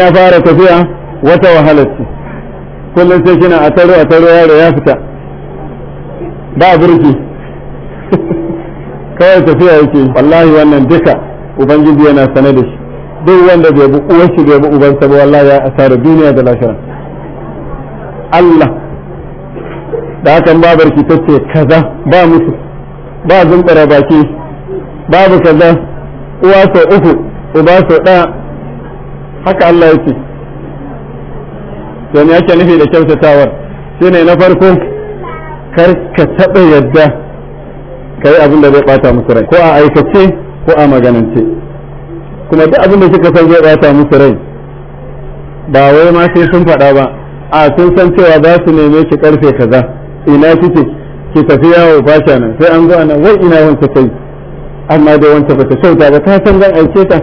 ya fara tafiya wata wahalar ce kullum sai kina a taro a taro yaro ya fita ba burki kawai tafiya yake wallahi wannan duka ubangiji yana sane da shi duk wanda bai bi uwar shi bai bi uban ba wallahi ya asara duniya da lahira Allah da hakan babar ki tace kaza ba musu ba zumbara baki babu kaza uwa sau uku uba sau ɗaya haka Allah yake don yake nufi da kyautatawar ne na farko kar ka taɓa yadda ka yi abin da zai ɓata musu rai ko a aikace ko a maganance kuma duk abin da suka san zai ɓata musu rai ba wai ma sai sun faɗa ba a sun san cewa za su neme ki karfe kaza ina kike ki tafi yawo ba nan sai an zo ana wai ina wanka kai amma dai wancan ba ta kyauta ba ta san zan aike ta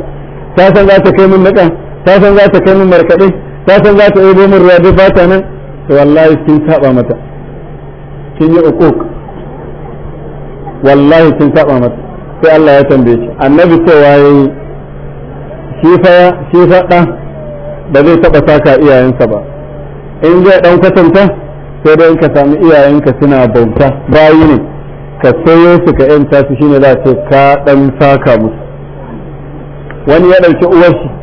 ta san za ta kai min naɗa ta san za ta kai min markaɗe ta san za ta ɗebo min ruwa ba ta nan to wallahi kin saba mata kin yi uquq wallahi kin saba mata sai Allah ya tambaye shi annabi cewa yayi shi fa shi fa da ba zai taba saka iyayensa ba in zai dan kwatanta sai dai ka sami iyayenka suna bauta bayi ne ka sayo su ka yanta su shine za ce ka dan saka musu wani ya dauki uwar shi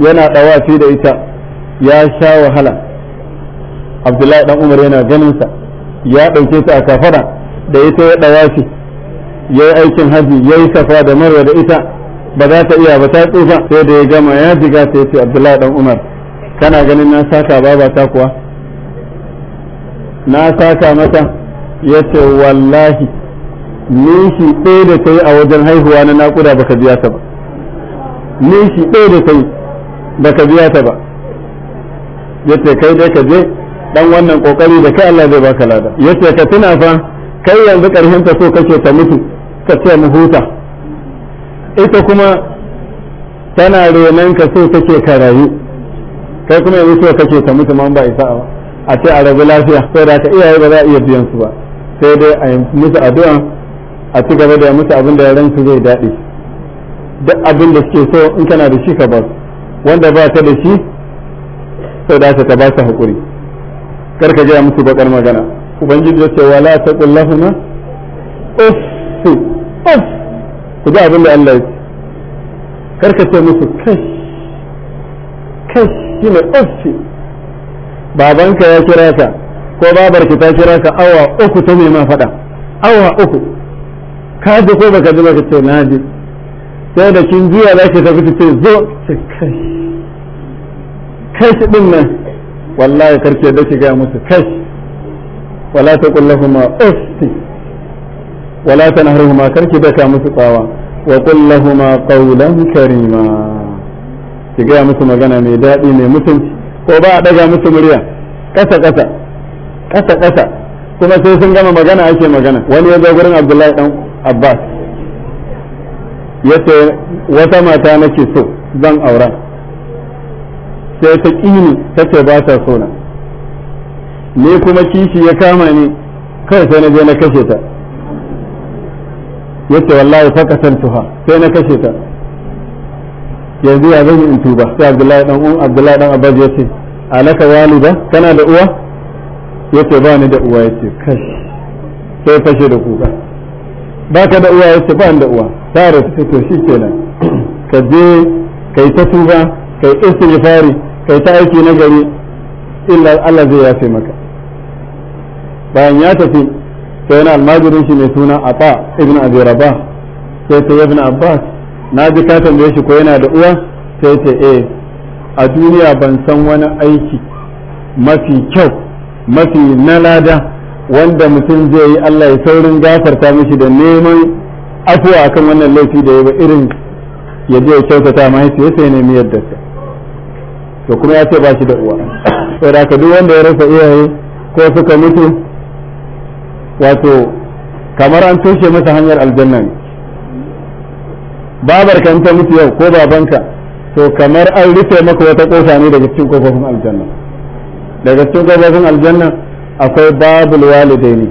yana dawafi da ita ya sha wahala abdullahi dan umar yana ganinsa ya ɗauke ta a kafara da ita ya dawafi yayi aikin haji yayi safa da marwa da ita ba za ta iya ba ta tsufa sai da ya gama ya jiga sai ya ce abdullahi dan umar kana ganin na saka baba ta kuwa na saka mata ya ce wallahi nishi ɗaya da ta a wajen haihuwa na naƙuda baka biya ta ba nishi ɗaya da ta ba ka biya ta ba yace kai dai ka je dan wannan kokari da kai Allah zai baka lada yace ka tuna fa kai yanzu karshen ta so kake ta mutu ka ce mu huta ita kuma tana renon ka so kake ka rayu kai kuma yanzu so kake ta mutu ma ba isa ba a ce a rabu lafiya sai da ka iyaye ba za a iya biyan su ba sai dai a musu addu'a a ci gaba da musu abin da ransu zai daɗi duk abin da suke so in kana da shi ka ba su wanda ba ta da shi sau da ta ba su haƙuri karka gaya musu bakar magana ubangiji ya ce wala ta kullahuna uffu uff ku ji abin da Allah ya ce karka ce musu kai kash shine uffi babanka ya kira ka ko babarki ta kira ka awa uku ta ma faɗa awa uku ka ji ko baka ji baka ce na ji sai da kin jiya za ki tafi ce zo ce kai shi din nan wallahi karke da ki ga musu kai wala ta kullahuma usti wala ta naharuhuma karke da ka musu tsawa wa kullahuma qawlan karima ki ga musu magana mai daɗi mai mutunci ko ba a daga musu murya kasa kasa kasa kasa kuma sai sun gama magana ake magana wani ya zo gurin Abdullahi dan Abbas yace wata mata nake so zan aura sai ta kini tace ba ta so na ni kuma kishi ya kama ni kai sai na je na kashe ta yace wallahi fakatantuha sai na kashe ta yanzu ya zan in tuba sai Abdullahi dan um Abdullahi dan Abbas yace alaka walida kana da uwa yace ba ni da uwa yace kai sai fashe da kuka ba ka da uwa ya ce ba da uwa ta rasu to shi kenan ka je ka yi ta tuba kai istighfari yi ta aiki na gari illa Allah zai yafe maka bayan ya tafi sai yana almajirin shi mai suna Ata ibn Abi Rabah sai ta ibn Abbas na ji ka tambaye shi ko yana da uwa sai ta eh a duniya ban san wani aiki mafi kyau mafi na lada wanda mutum zai yi Allah ya saurin gafarta mishi da neman afuwa akan wannan laifi da ya ba irin ya je ya kyautata mahaifiyarsa ya nemi yadda to kuma ya ce ba shi da uwa saboda ka duk wanda ya rasa iyaye ko suka mutu wato kamar an toshe masa hanyar aljanna ne babar kan ta mutu yau ko babanka to kamar an rufe maka wata kofa ne daga cikin kofofin aljanna daga cikin kofofin aljanna akwai babul walidaini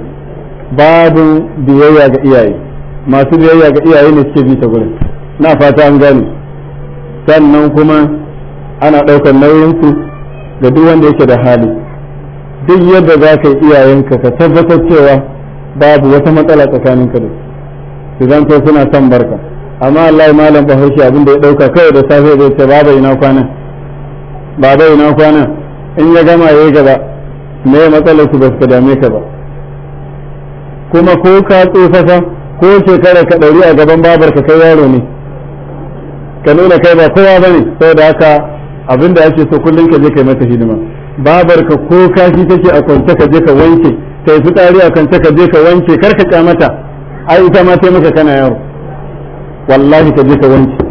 babu biyayya ga iyaye masu biyayya ga iyaye ne suke bi ta gurin na fata an gani sannan kuma ana ɗaukar nauyinsu ga duk wanda yake da hali duk yadda za ka yi iyayenka ka tabbatar cewa babu wata matsala tsakaninka da su zan zanto suna son barka amma Allah malam bahaushe abin da ya ɗauka kawai da safe zai ce baba ina kwana baba ina kwana in ya gama ya gaba me matsalar su ba su dame ka ba kuma ko ka tsofasa ko shekara ka ɗauri a gaban babar ka kai yaro ne ka nuna kai ba kowa bane saboda haka da ake so kullum ka je kai mata hidima babar ka ko kashi take a kwance ka je ka wanke kai fitari a kwance ka je ka wanke kar ka mata ai ita ma sai maka kana yaro wallahi ka je ka wanke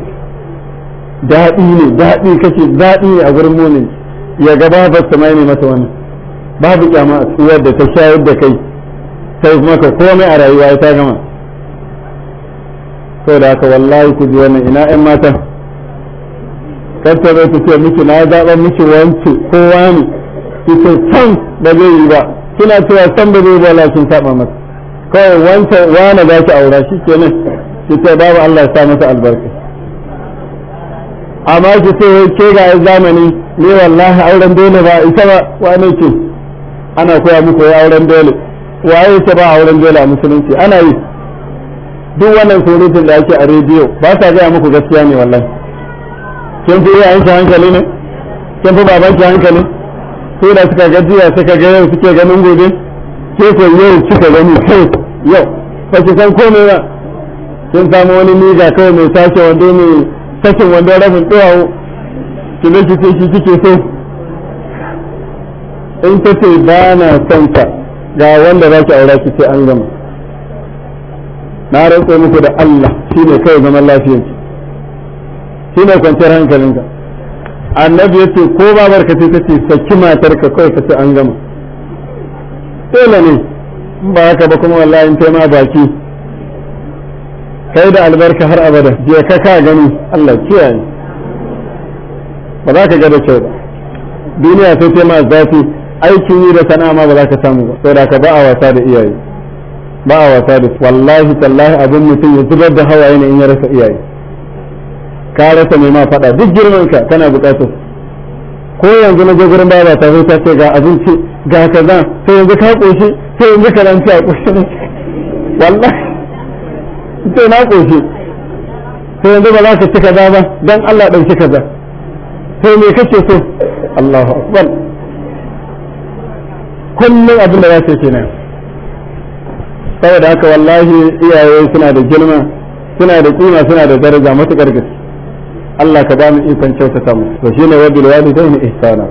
daɗi ne daɗi kake daɗi ne a gurin mumin ya gaba ba ta mai ne mata wannan babu kyama a tsuwar da ta shayar da kai sai ka komai a rayuwa ya ta gama sau da haka wallahi ku ji wannan ina 'yan mata kanta zai ta ce miki na zaɓa miki wance kowa ne ki ce can ba zai yi ba suna cewa san ba zai bala sun saba masa kawai wance wane za ki aura shi nan ki ce babu Allah ya sa masa albarka amma ki ce ke ga zamani ne wallahi auren dole ba ita ba wane ce ana koya muku ya auren dole waye ta ba auren dole a musulunci ana yi duk wannan surutun da ake a rediyo ba sa gaya muku gaskiya ne wallahi kin fi yayin hankali ne kin fi baban ki hankali ko da suka gajiya suka ga yau suke ganin gobe ke ko yau suka gani ko yau ba ki san komai ba kin samu wani miga kawai mai tashi wando ne sakin wando rabin duwawo kin ne ki ce shi kike so in ta ce ba na son ka ga wanda za ki aura ki ce an gama na rantsa muku da Allah shi ne kai zaman lafiyar shi ne kwanciyar hankalinka annabi ya ce ko babar ka ce ta ce saki matar ka kawai ka ce an gama dole ne in ba haka ba kuma wallahi in ma baki kai da albarka har abada je ka ka gani Allah kiyaye ba za ka ga da kyau ba duniya sai ta ma zafi aikin yi da sana'a ma ba za ka samu ba saboda ka ba a wasa da iyaye ba a wasa da wallahi tallahi abin mutum ya zubar da hawaye ne in ya rasa iyaye ka rasa mai ma faɗa duk girman ka kana buƙatar ko yanzu na je gurin baba ta zai ta ce ga abinci ga kaza sai yanzu ka koshi sai yanzu ka ranci a koshi wallahi sai na koshi sai yanzu ba za ka ci kaza ba don Allah ɗauki kaza sai me kake so Allahu akbar kullum abin da ya ce ke nan saboda haka wallahi iyaye suna da girma suna da kima suna da daraja matuƙar gaske Allah ka dami ikon kyautata mu to shine wa bil walidaini ihsana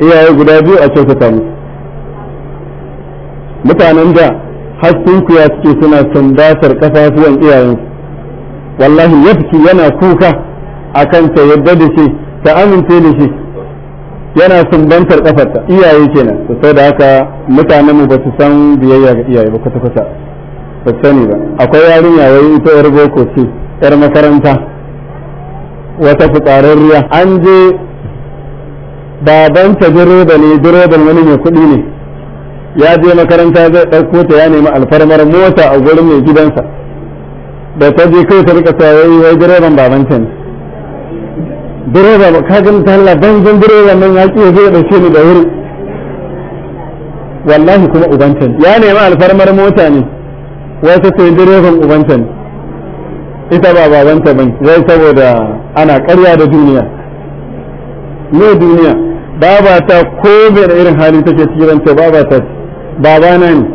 iyaye guda biyu a kyautata mu mutanen da har kuya suke suna sambatar kafafuwan iyayensu wallahi yafki yana kuka akan ta yadda da shi ta amince da shi yana sumbantar kafarta iyaye kenan to sai da haka mutanen mu ba su san biyayya ga iyaye ba kwata kwata ba sani ba akwai yarinya wai ita yar boko ce yar makaranta wata fitsararriya an je babanta direba ne direban wani mai kuɗi ne ya je makaranta zai ɗauko ta ya nemi alfarmar mota a gurin mai gidansa da ta je kai ta rika tsayayi wai direban babanta ne direba ba ka gani talla zan direba nan ya ƙi zai ɗauke ni da wuri wallahi kuma ubancan ya nemi alfarmar mota ne wasu sai direban ubancan ita ba babanta ban zai saboda ana karya da duniya ne duniya ta ko mai da irin hali take cikin ranta babata na ne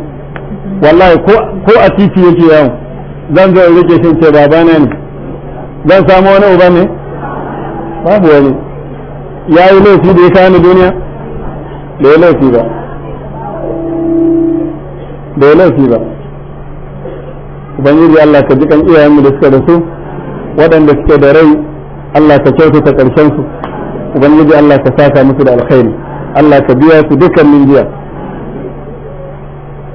wallahi ko a titi yake yawon zan zo rike shi ce na ne zan samu wani uba ne babu wani ya yi laifi da ya kawo duniya da ya laifi ba da ya laifi ba ubangiji Allah ka jikan iyayenmu da suka rasu waɗanda suke da rai Allah ka ta ƙarshen su ubangiji Allah ka saka musu da alkhairi Allah ka biya su dukkan min Wajen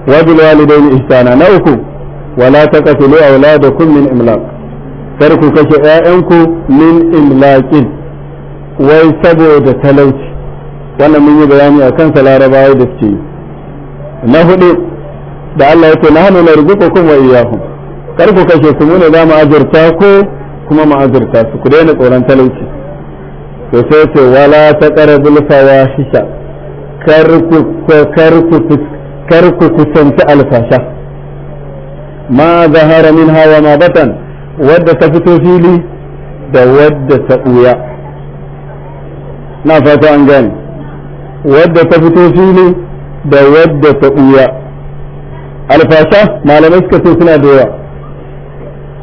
wabil walidaini ihsana na uku wala ta da kun min imlaq kar ku kashe ƴaƴanku min imlaqin wai saboda talauci wannan mun yi bayani a kansa larabawa da suke yi na hudu da Allah ya ce na hannu kuma wa iyyahum kar ku kashe su mu ne za mu azurta ku kuma mu azurta su ku daina tsoron talauci to sai ce wala taqrabul fawahisha kar ku kar ku kar ku kusanci alfasha ma zahara min hawa ma batan wadda ta fito fili da wadda ta ɓuya na fata an gane wadda ta fito fili da wadda ta ɓuya alfasa malamai suka ce suna da yawa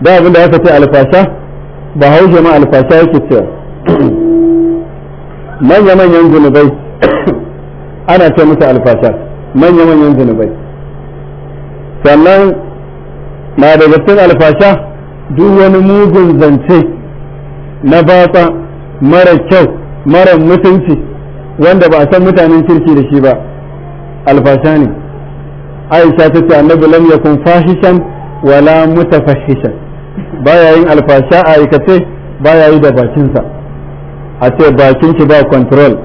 da abinda aka ce alfasa ba haushe ma alfasa yake cewa manya-manyan zunubai ana ce musu alfasa manya-manyan zunubai sannan na daga cikin alfasa. duk wani mugun zance na batsa mara kyau mara mutunci wanda ba a san mutanen kirki da shi ba alfasha ne aisha ta ce annabi lam yakun fahishan wala mutafahishan baya yin alfasha a aikace baya yi da bakinsa a ce bakinki ba control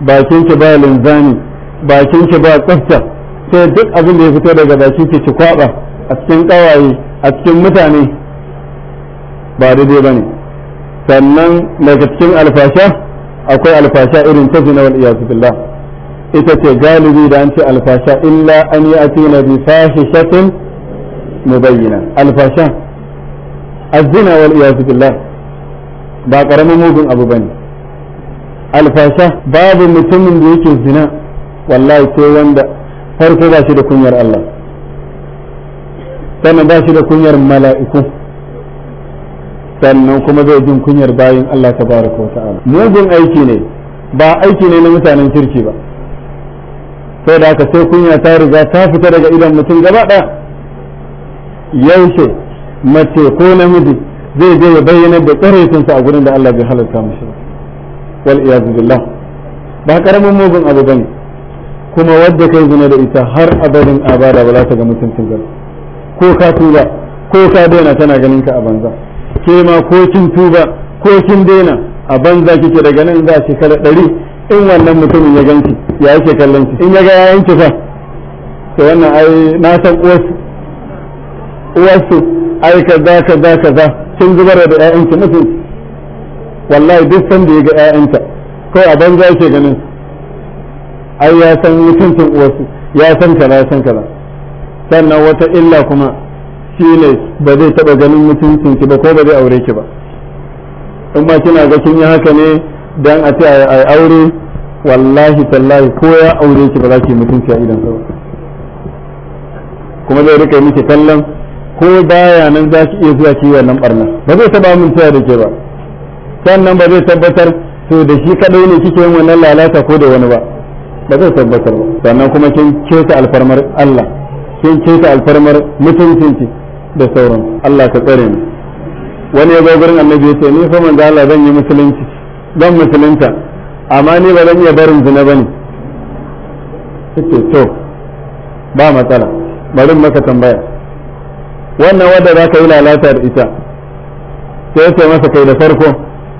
bakinki ba bakin bakinki ba tsafta sai duk abin da ya fito daga baki ki kwaba a cikin kawaye a cikin mutane ba daidai ba ne sannan daga cikin alfasha akwai alfasha irin ta zina wal iyazu billah ita ce galibi da an ce alfasha illa an yi na bi mu bayyana alfasha azina wal iyazu billah ba karamin mugun abu bane alfasha babu mutumin da yake zina wallahi sai wanda farko ba shi da kunyar Allah sannan ba shi da kunyar mala'iku sannan kuma zai jin kunyar bayin Allah ta tabaraka wa ta'ala mugun aiki ne ba aiki ne na mutanen kirki ba sai da aka sai kunya ta riga ta fita daga idan mutum gaba ɗaya yaushe mace ko namiji zai je ya bayyana da sa a gurin da Allah bai halarta ba wal iyazu billah ba karamin mugun abu bane kuma wadda kai zina da ita har abadin abada ba za ta ga mutuncin gaba ko ka tuba ko ka daina tana ganin ka a banza ke ma ko kin tuba ko kin daina a banza kike daga nan za shekara ɗari in wannan mutumin ya ganki ya yake kallon ki in ya ga yayin ki fa to wannan ai na san uwarsu uwarsu ai kaza kaza kaza kin zubar da ƴaƴan ki mutum wallahi duk san da ya ga ƴaƴanta ko a banza yake ganin ai ya san mutuncin uwarsu ya san kaza ya san kala sannan wata illa kuma ne ba zai taɓa ganin mutuncin ki ba ko ba zai aure ki ba in ba kina ga kin yi haka ne dan a ce a yi aure wallahi tallahi ko ya aure ki ba za ki mutunci a idan sau kuma zai rika miki kallon ko baya nan za ki iya zuwa ki wannan barna ba zai taɓa mun tsaya da ke ba sannan ba zai tabbatar to da shi kadai ne kike yin wannan lalata ko da wani ba ba zai tabbatar ba sannan kuma kin keta alfarmar Allah kin keta alfarmar mutuncinki da sauran Allah ka tsare ni wani ya zo gurin annabi ce ni fa manzo Allah zan yi musulunci zan musulunta amma ni ba zan iya barin zina bane take to ba matsala bari maka tambaya wannan wadda za ka yi lalata da ita sai ce masa kai da farko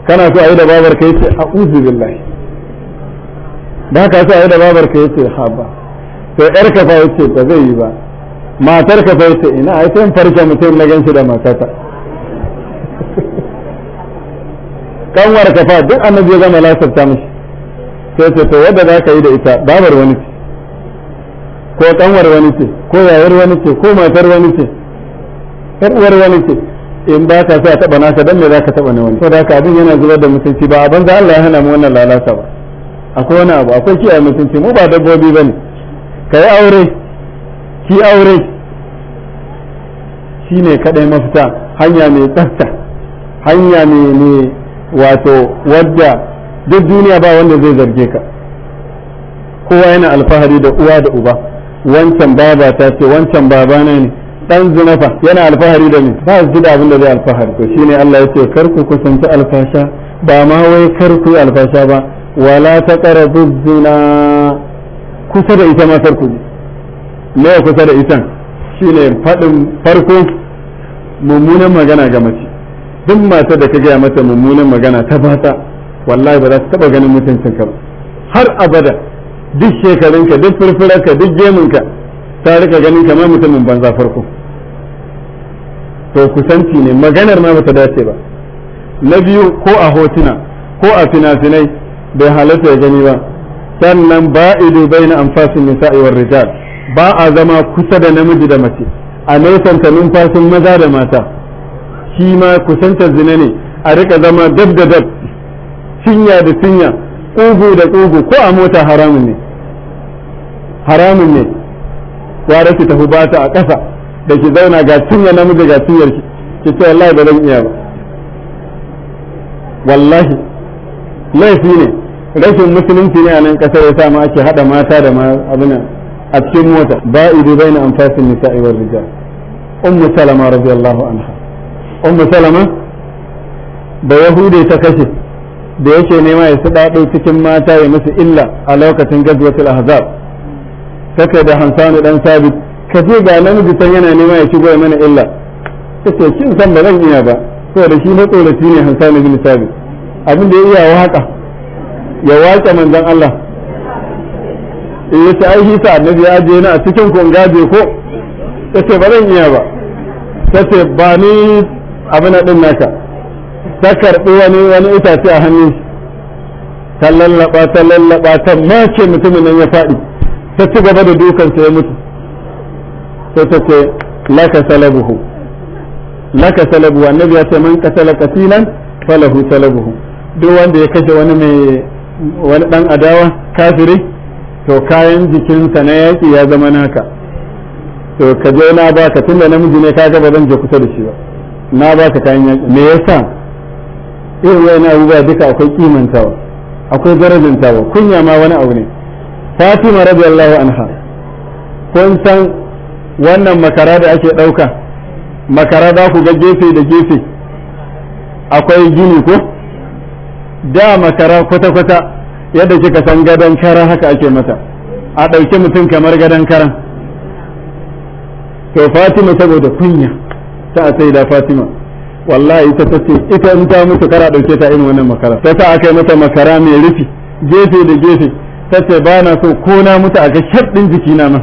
kana so a yi da babar ce a uzu billahi ba ka so a yi da babar kai ce haba sai to fa yace ba zai yi ba matar ka sai ce ina ai sai farka mutum na ganshi da matata kanwar ka fa duk annabi ya gama lasafta mishi sai ce to yadda za ka yi da ita babar wani ce ko kanwar wani ce ko yayar wani ce ko matar wani ce yar uwar wani ce in ba ka a taɓa naka dan me za ka taba na wani da ka abin yana zubar da mutunci ba a banza Allah ya hana mu wannan lalata ba akwai wani abu akwai kiyaye mutunci mu ba dabbobi bane kai aure shi aure shi ne kaɗai mafita hanya mai tsafta hanya mai wato wadda duk duniya ba wanda zai zarge ka kowa yana alfahari da uwa da uba wancan baba ta ce wancan baba ne dan zinafa yana alfahari da ni ba su da abin da zai alfahari to shine Allah ya ce kar ku kusanci alfasha ba ma wai kar ku alfasha ba wala ta taqrabu zina kusa da ita ma kar ku ne kusa da itan shine faɗin farko mummunan magana ga mace duk mata da ka gaya mata mummunan magana ta fata wallahi ba za su taɓa ganin mutuncin ka har abada duk shekarunka duk furfurarka duk geminka ta rika ganin kamar mutumin banza farko to kusanci ne maganar ma bata dace ba na biyu ko a hotuna ko a fina-finai bai halatta ya gani ba sannan ba'idu bai na amfasin nisa'i wa rijal ba a zama kusa da namiji da mace a nesanta numfashin maza da mata shi ma kusantar zina ne a rika zama dab da dab cinya da cinya ƙugu da ƙugu ko a mota haramun ne haramun ne ya ki tafi bata a ƙasa da ki zauna ga cinya namiji ga cinyar ki ki ce wallahi ba zan iya ba wallahi laifi ne rashin musulunci ne a nan ƙasar ya sa ma ake haɗa mata da abin nan a cikin mota ba'idu baina anfasin nisa'i war rijal ummu salama radiyallahu anha ummu salama da yahude ta kashe da yake nema ya su dado cikin mata ya musu illa a lokacin gazwatul ahzab kai da hansanu dan sabit ka je ga namiji san yana nema ya shigo ya mana illa take kin san ba zan iya ba saboda shi matsoraci ne hansanu bin sabit abin da ya iya waka ya waka manzon Allah Eh, yi ta ai ta annabi ya je na cikin kun ko. ko ce ba zan iya ba ce ba ni abin din naka ta karɓi wani wani itace a hannu ta lallaba ta lallaba ta mace mutumin nan ya faɗi ta ci gaba da dukansa ya mutu sai ta ce laka salabuhu laka salabuhu annabi ya ce man qatala qatilan falahu salabuhu duk wanda ya kashe wani mai wani dan adawa kafiri to kayan jikinsa na yaƙi ya zama naka to ka je na ba ka tunda namiji ne kaga ba zan je kusa da shi ba na ba ka kayan yaƙi me yasa irin na abubuwa duka akwai kimantawa akwai darajantawa kunya ma wani abu ne Fatima radiyallahu anha kun san wannan makara da ake ɗauka makara za ku ga gefe da gefe akwai gini ko da makara kwata-kwata yadda kika san gadon kara haka ake mata a ɗauki mutum kamar gadon karan to fatima saboda kunya ta sai da fatima wallahi ita ta ce ita in ta mutu kara ɗauke ta irin wannan makara ta sa aka yi mata makara mai rufi gefe da gefe ta ce ba na so ko na mutu a ga shaɗin jikina ma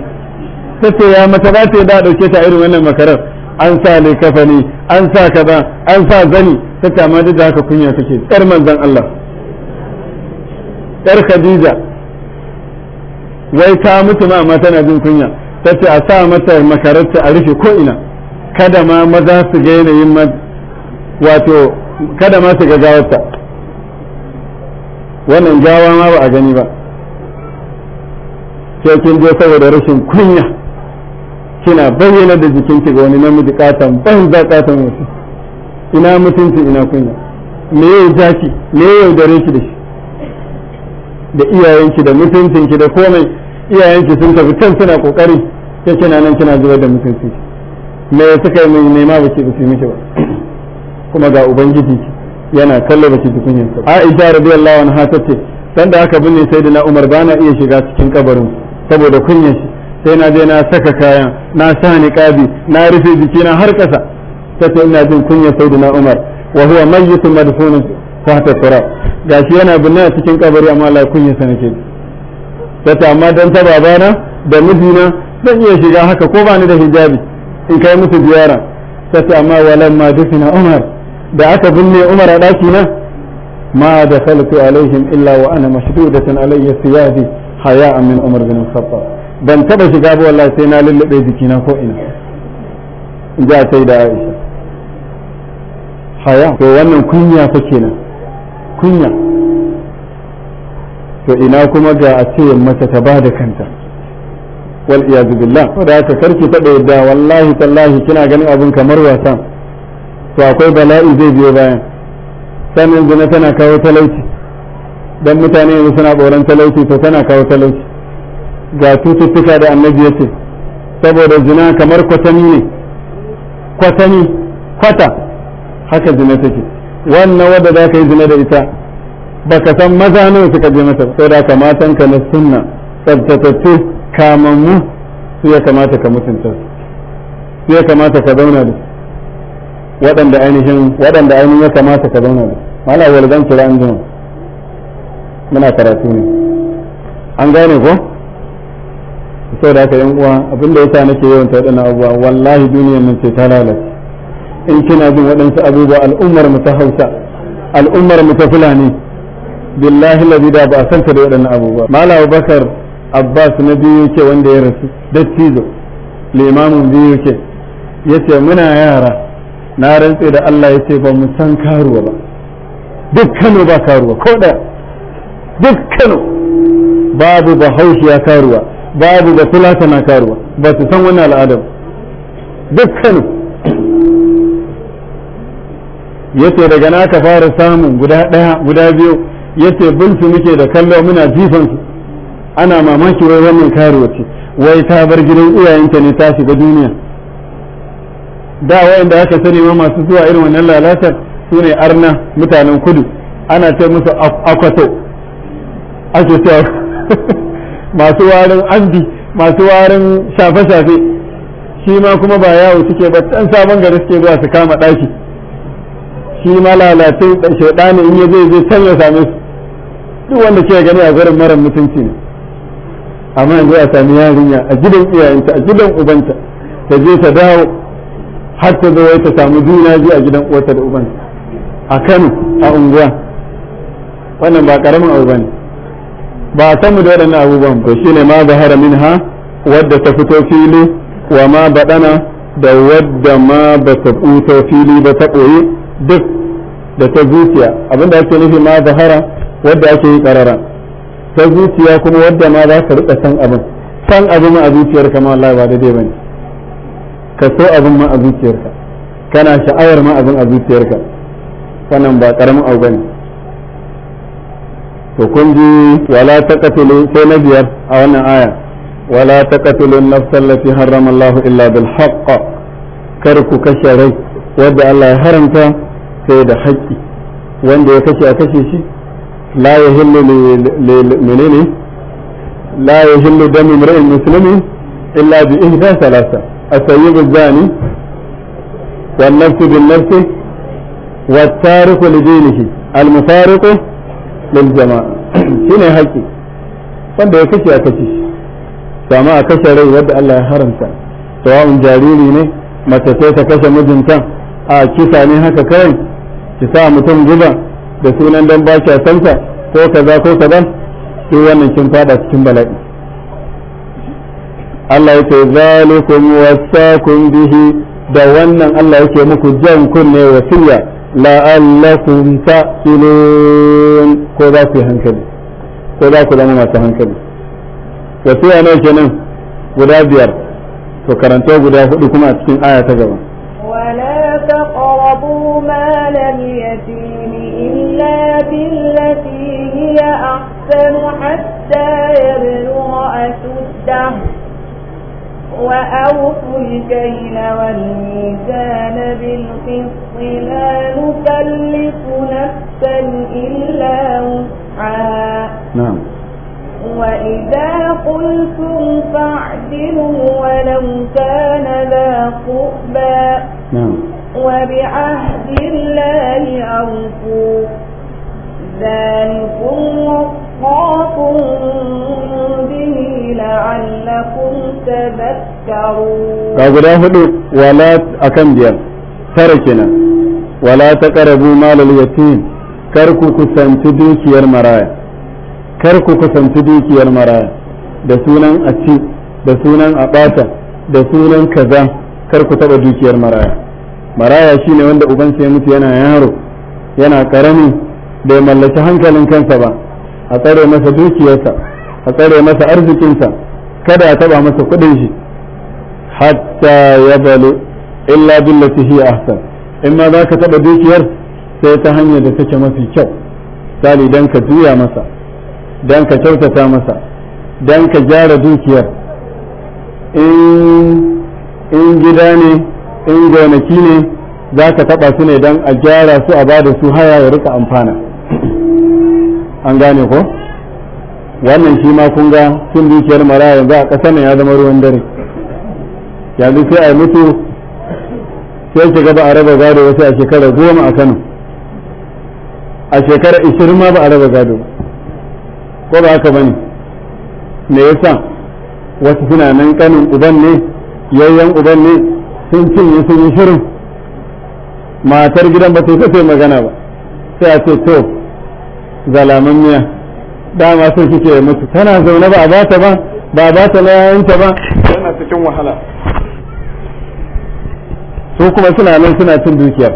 ta ce ya mata ba ta da ɗauke ta irin wannan makarar an sa ne kafani an sa kaza an sa zani ta ce amma duk da haka kunya take tsar manzon Allah yar khadija wai ta mutu ma amma tana jin kunya ta ce a sa mata makararta a rufe ko ina kada ma maza su ga yanayin wato kada ma su ga gawarta wannan gawa ma ba a gani ba sai kin je saboda rashin kunya kina bayyana da jikinki ga wani namiji katon banza katon wasu ina mutunci ina kunya me ya jaki me ya yaudare shi da shi da iyayenki da mutuncinki da komai iyayenki sun tafi can suna kokari sai kina nan kina zubar da mutunci me suka yi mai nema ba baki ba su miki ba kuma ga ubangiji yana kallo baki cikin yansa Aisha radiyallahu anha tace dan da aka binne sayyidina Umar ba na iya shiga cikin kabarin saboda kunyar shi sai na je na saka kayan na sa kabi na rufe jikina har kasa tace ina jin kunyar sayyidina Umar wa huwa mayyitun madfunun tahta turab gashi yana binne a cikin kabari amma Allah kunya sa nake ta amma dan ta babana da mijina zan iya shiga haka ko ba ni da hijabi in kai musu ziyara ta amma walan ma dufina Umar da aka binne Umar a daki na ma da salatu alaihim illa wa ana mashdudatan alayya siyabi haya'an min Umar bin Khattab ban taba shiga ba wallahi sai na lullube jikina ko ina ja sai da Aisha haya to wannan kunya fa kenan kunya to ina kuma ga a ce mace ta ba da kanta wal iyazu billah da ka karki fada yadda wallahi tallahi kina ganin abin kamar wasa to akwai bala'i zai biyo bayan sanin zina tana kawo talauci dan mutane yanzu suna tsoron talauci to tana kawo talauci ga tututtuka da annabi yace saboda zina kamar kwatani ne kwatani kwata haka zina take wannan wadda za ka yi zina da ita ba ka san maza nawa suka je mata sai da kamatan ka na sunna tsabtatattu kamammu su ya kamata ka mutunta su ya kamata ka zauna da waɗanda ainihin waɗanda ainihin ya kamata ka zauna da su mala walgan kira an jima muna karatu ne an gane ko sau da aka yan uwa abinda sa nake yawan ta waɗannan abubuwa wallahi duniyar nan ce ta lalace in kina jin waɗansu abubuwa al'ummar mu ta hausa al'ummar mu ta fulani billahi ladi da ba a ta da waɗannan abubuwa mala bakar abbas na biyu yake wanda ya rasu dattijo limamin biyu yake yace muna yara na rantse da Allah yace ba mu san karuwa ba duk Kano ba karuwa ko da duk Kano babu ba ya karuwa babu ba fulata na karuwa ba su san wannan al'adar duk Kano yace daga na ka fara samun guda ɗaya guda biyu yace bin muke da kallo muna jifan su ana mamaki wai wannan karuwa ce wai ta bar gidan iyayenta ne ta shiga duniya da wanda aka sani ma masu zuwa irin wannan lalatar su ne arna mutanen kudu ana ce musu akwato ake cewa masu warin andi masu warin shafe-shafe shi ma kuma ba yawo suke ba ɗan sabon gari suke zuwa su kama ɗaki shi malalacin shaidani in ya zai zai can ya same su duk wanda ke gani a gurin mara mutunci ne amma yanzu a sami yarinya a gidan iyayenta a gidan ubanta ta je ta dawo har ta zo ta samu juna biyu a gidan uwarta da ubanta a Kano a unguwa wannan ba karamin abu bane ba san mu da waɗannan abubuwan ba shine ma min ha wadda ta fito fili wa ma baɗana da wadda ma ba ta fito fili ba ta ɓoye. duk da ta zuciya abinda ake nufi ma zahara wadda ake yi karara ta zuciya kuma wadda ma za ka rika san abin san abin ma a zuciyarka ma Allah ba daidai bane ka so abin ma a zuciyarka kana sha'awar ma abin a zuciyarka sanan ba karamin abu bane to kun ji wala taqatulu sai na biyar a wannan aya wala taqatulu an-nafsa allati harrama Allah illa bil haqq kar ku kashe rai wadda Allah ya haramta sai da haƙƙi wanda ya kashe a kashe shi la ya hillu menene la ya hillu damin ra'in musulmi illa bi ihda salasa a sayi nafsi wa والنفس بالنفس والتارك لدينه المفارق للجماعة shine هيك wanda ya kashe a kashe shi sama a kashe rai wadda Allah ya haramta sawa'un jariri ne mace sai ta kashe mijinta a kisa ne haka kawai ki sa mutum guba da sunan dan ba kya santa ko kaza ko kaza sai wannan kin fada cikin bala'i Allah yake zalikum wasakum bihi da wannan Allah yake muku jan kunne wasiya allakum ta'tilun ko za ku hankali ko za ku zama masu hankali wasiya ne kenan guda biyar to karanto guda hudu kuma a cikin aya ta gaba بالتي هي أحسن حتى يبلغ أشده وأوفوا الكيل والميزان بالقسط لا نكلف نفسا إلا وسعها نعم وإذا قلتم فاعدلوا ولو كان ذا قربى نعم وبعهد الله أوفوا ذلكم وصاكم به لعلكم تذكرون ka guda huɗu, wala akan biyar tara kenan wala taqrabu malal yatim kar ku kusanci dukiyar maraya kar ku kusanci dukiyar maraya da sunan a ci da sunan a bata da sunan kaza kar ku taba dukiyar maraya maraya shine wanda uban sai mutu yana yaro yana karami bai mallaki hankalin kansa ba a tsare masa dukiyarsa a tsare masa arzikinsa kada a taba masa kudin shi hatta ya balu illa billati hi ahsan in ma za ka taba dukiyar sai ta hanyar da take mafi kyau sali dan ka juya masa dan ka kyautata masa dan ka gyara dukiyar in gida ne in gonaki ne za ka taba su ne dan a gyara su a bada su haya ya rika amfana an gane ko wannan shi ma kun ga cin dukiyar maraya yanzu a ƙasa ya zama ruwan dare yanzu sai a mutu sai shiga ba a raba gado wasu a shekara goma a kano a shekara ishirin ma ba a raba gado ko ba haka bane me yasa wasu suna nan kanin uban ne yayyan uban ne sun cinye sun yi shirin matar gidan ba sai magana ba sai a ce to miya dama sun suke mutu tana zaune ba a ba ta ba ba a ba ta layayanta ba tana cikin wahala su kuma suna nan suna cin dukiyar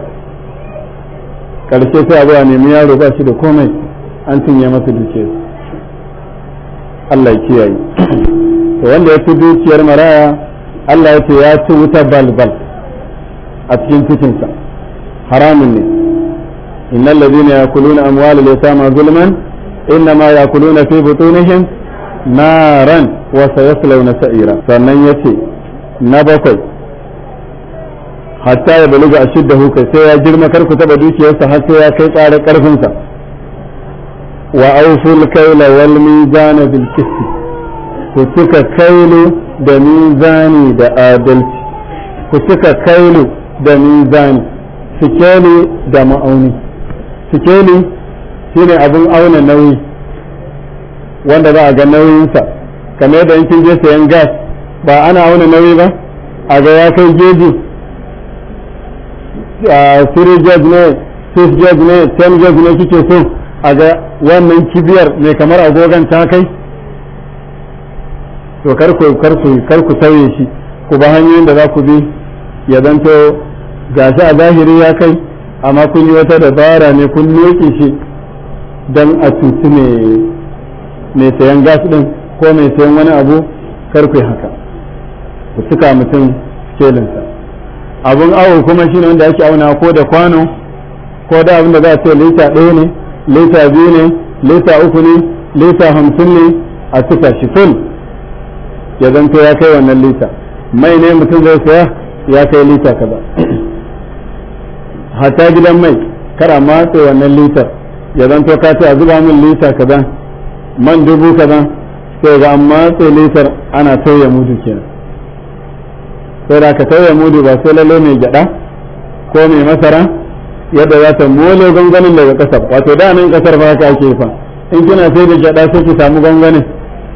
ƙarshe sai abuwa ne nemi yaro ba shi da komai an cinye masa dukiyar Allah ya kiyaye to wanda ya fi dukiyar maraya Allah ya ce ya ci wuta balbal a cikin cikinsa haramun ne إن الذين يأكلون أموال اليتامى ظلما إنما يأكلون في بطونهم نارا وسيصلون سعيرا فمن يتي نبقي hatta ya baluga ashiddahu kai sai ya girma ku taba dukiyarsa har sai ya kai tsare karfinsa wa awful kayla wal mizana bil ku cika kailu da mizani da adalci ku cika kailu da mizani sikeli da ma'auni shi shine abin auna nauyi wanda za a ga nauyinsa kamar yadda yankin je sayan gas ba ana auna nauyi ba a ga ya kai geji a siri gauge ne sif gauge ne ten gauge ne kike so a ga wannan kibiyar mai kamar agogon ta kai to kar ku kar ku kar ku sauye shi ku ba hanyoyin da za ku bi ya zanto gashi a zahiri ya kai amma kun yi wata dabara ne kun noke shi don a cuci mai sayan gas ɗin ko mai sayan wani abu karfe ku haka ku cika mutum kelinsa abun awo kuma shi ne wanda ake auna ko da kwano ko da abin da za a ce lita ɗaya ne lita biyu ne lita uku ne lita hamsin ne a cika shi ful ya zanto ya kai wannan lita mai ne mutum zai saya ya kai lita kaza hata gidan mai kara matse wannan litar ya zanto ka ce a zuba min lita kaza man dubu kaza sai ga an matse litar ana tauye mudu kenan sai da ka tauye mudu ba sai lalle mai gyada ko mai masara yadda za ta mole ganganin daga kasar wato da nan kasar ba ka ake fa in kina sai da gyada sai ki samu ganganin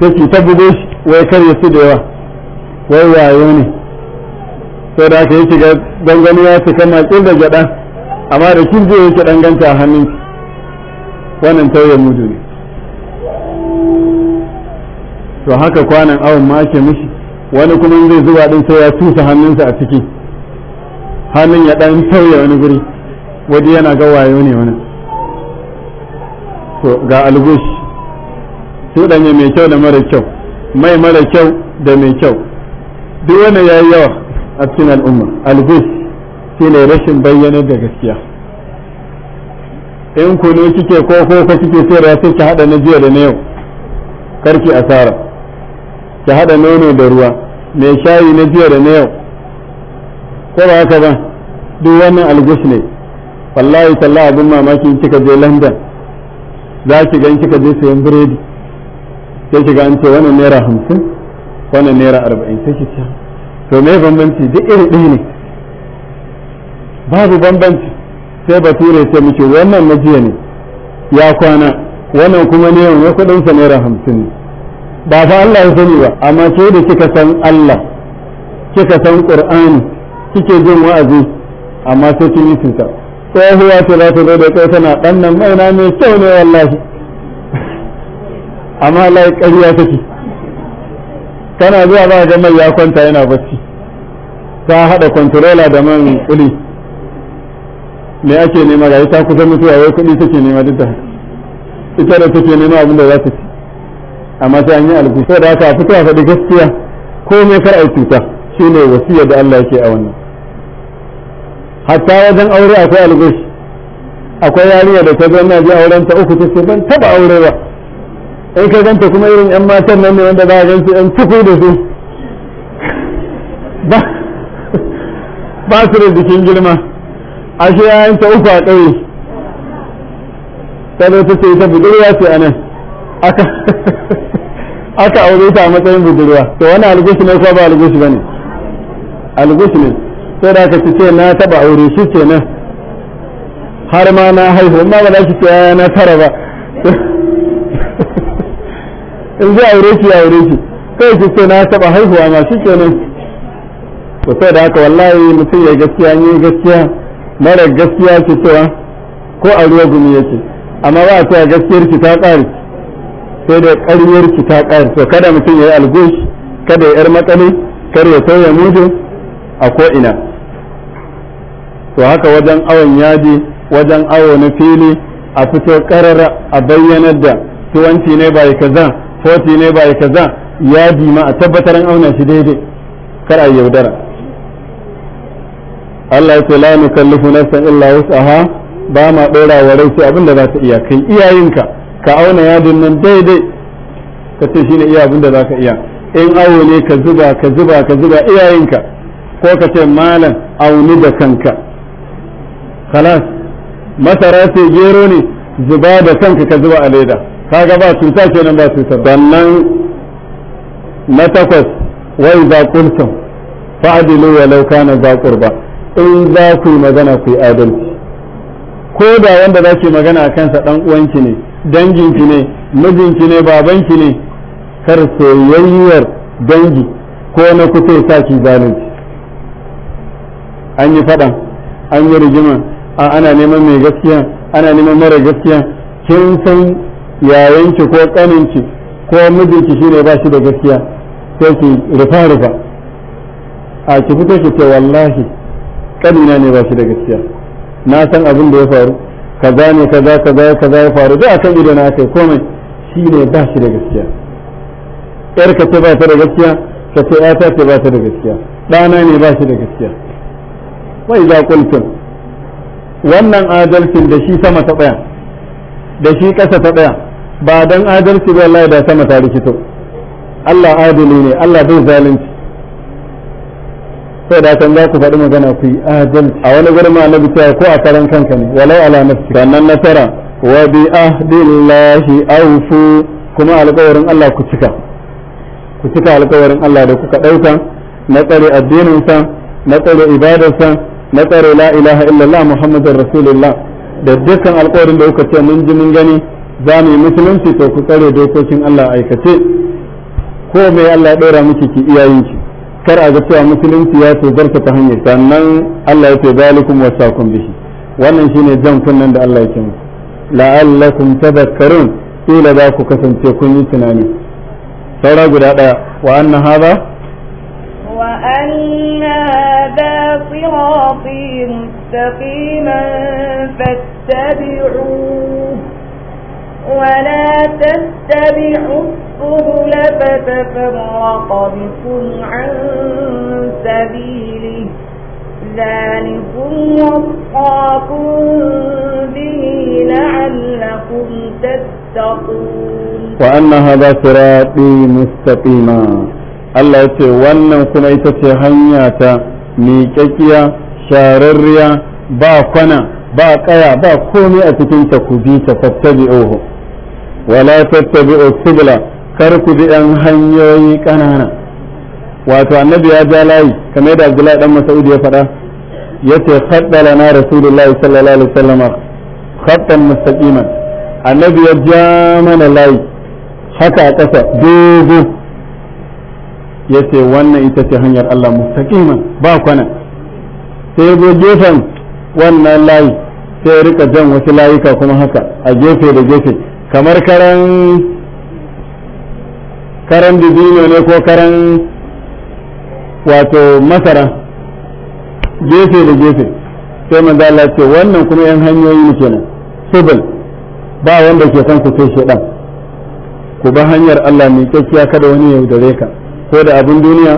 sai ki ta shi wai kar ya su da yawa wai wayo ne sai da ka yi shiga gangani ya cika makil da gyada amma da kin zai yake danganta a hannun wannan tauye mudu ne to haka kwanan awon ma ake mishi wani kuma zai zuba din sai ya tusa hannunsa a ciki hannun ya dan tauye wani guri waje yana ga wayo ne wani to ga algush danye mai kyau da mara kyau mai mara kyau da mai kyau duk wanda ya yi yawa a cikin al'umma algush shine rashin bayyanar da gaskiya in kunu kike ko ko ka kike sayarwa sai ki hada na jiya da na yau karki asara ki hada nono da ruwa mai shayi na jiya da na yau ko ba haka ba duk wannan algus ne wallahi talla abin mamaki in kika je london za ki ga in kika je sayan biredi sai ki ga an ce wannan naira hamsin wannan naira arba'in sai ki ce to me bambanci duk iri ɗaya ne babu bambanci sai bature ce muke wannan na jiya ne ya kwana wannan kuma ne yau ya kudin sa naira hamsin ne ba fa Allah ya sani ba amma ke da kika san Allah kika san Qur'ani kike jin wa'azi amma sai kin yi tunta tsohuwa ce za ta zo da kai tana dan nan mai na mai kyau ne wallahi amma Allah ya kariya take kana zuwa ba ga mai ya kwanta yana bacci ta haɗa controller da man kuli me ake nema ga ita kusan mutuwa wai kuɗi take nema duk da haka ita da take nema abin da za ta ci amma sai an yi alku sai da aka fito a faɗi gaskiya me kar a cuta shine wasiyar da Allah yake a wannan hatta wajen aure akwai algush akwai yarinya da ta zo na ji auren ta uku tace ban taba aure ba in ka ganta kuma irin yan matan nan ne wanda za ka gansu yan tuku da su ba su da jikin girma ashe yayin ta uku a ƙauye ta zo ta ce ta budurwa ce a nan aka aure ta a matsayin budurwa to wani algushi ne ko ba algushi ba ne algushi ne sai da aka ci ce na taɓa aure shi ce nan har ma na haihu amma ba za ki ce yaya na tara ba in zai aure shi ya aure shi kai shi ce na taɓa haihuwa ma shi ke nan to sai da haka wallahi mutum ya gaskiya ni gaskiya mara gaskiya ce cewa ko a ruwa gumi yake amma ba a cewa gaskiyar ki ta ƙare sai da ƙaryar ki ta ƙare to kada mutum ya yi algush kada ya yar matsali kar ya sauya mudu a ko ina to haka wajen awon yadi wajen awo na fili a fito karara a bayyanar da tuwanci ne ba kaza foti ne ba kaza yadi ma a tabbatar an auna shi daidai kar a yaudara Allah ya ce la nukallifu nafsan illa wus'aha ba ma dora wa rai sai abinda za ta iya kai iyayenka ka auna yadin nan daidai ka ce shine iya abinda za ka iya in awo ne ka zuba ka zuba ka zuba iyayenka ko ka ce malam auni da kanka khalas masara ce gero ne zuba da kanka ka zuba a leda kaga ba cuta kenan ba cuta sannan na takwas wai za kulsum fa'dilu walau kana za qurba in za ku yi magana ku yi adalci ko da wanda za yi magana a kansa dan uwanki ne danginki ne mijinki ne babanki ne kar soyayyar dangi ko na kusa sa ki zalunci an yi faɗan an yi rigima a ana neman mai gaskiya ana neman mara gaskiya kin san yayanki ko tsananci ko mijinki shine ba shi da gaskiya sai ki rufa rufa a ki fito ki ce wallahi kanina ne ba shi da gaskiya na san abin da ya faru kaza ne kaza kaza kaza ya faru da akan ido na kai komai shi ne ba shi da gaskiya yar ka ce ba ta da gaskiya ka ce ta ce ba ta da gaskiya ɗana ne ba shi da gaskiya wai za kultum wannan adalcin da shi sama ta tsaya da shi ƙasa ta tsaya ba dan adalci ba wallahi da sama ta rikito Allah adali ne Allah bai zalunci sai da za ku faɗi magana ku yi adalci a wani gurin annabi cewa ko a karan kanka ne walau ala nafsi sannan na tara wa bi ahdillahi awfu kuma alƙawarin Allah ku cika ku cika alƙawarin Allah da kuka ɗauka na tsare addininsa na tsare ibadarsa na tsare la ilaha illallah muhammadar rasulullah da dukkan alƙawarin da kuka ce mun ji mun gani za mu yi musulunci to ku tsare dokokin Allah aikace ko mai Allah ɗora miki ki iyayenki kar a ga cewa musulunci ya ce zarka ta hanyar sannan Allah ya ce zalikum wa sakum bihi wannan shine jan kunnan da Allah ya ce muku la'allakum tadhakkarun ila za ku kasance kun yi tunani saura guda daya wa anna hadha wa anna hadha siratin mustaqiman fattabi'u ولا تتبعوا السبل فتفرق بكم عن سبيله ذلكم وصاكم به لعلكم تتقون وأن هذا صراطي مستقيما الله يتي وأن كما يتي هنياتا ميككيا شارريا باقنا باقيا باقوني أتكنت كبيتا فاتبعوه wala tattabi'u subula kar ku bi yan hanyoyi kanana wato annabi ya ja layi kamar da Abdullahi dan Mas'ud ya faɗa yace faddala na rasulullahi sallallahu alaihi wasallam khattan mustaqiman annabi ya ja mana layi haka a ƙasa dogo yace wannan ita ce hanyar Allah mustaqiman ba kwana sai go gefen wannan layi sai rika jan wasu layuka kuma haka a gefe da gefe kamar karan karan dibino ne ko karan wato masara gefe da gefe sai manzo Allah ce wannan kuma yan hanyoyi ne kenan subul ba wanda ke san su sai shedan ku ba hanyar Allah mai kakkiya kada wani ya yaudare ka ko da abin duniya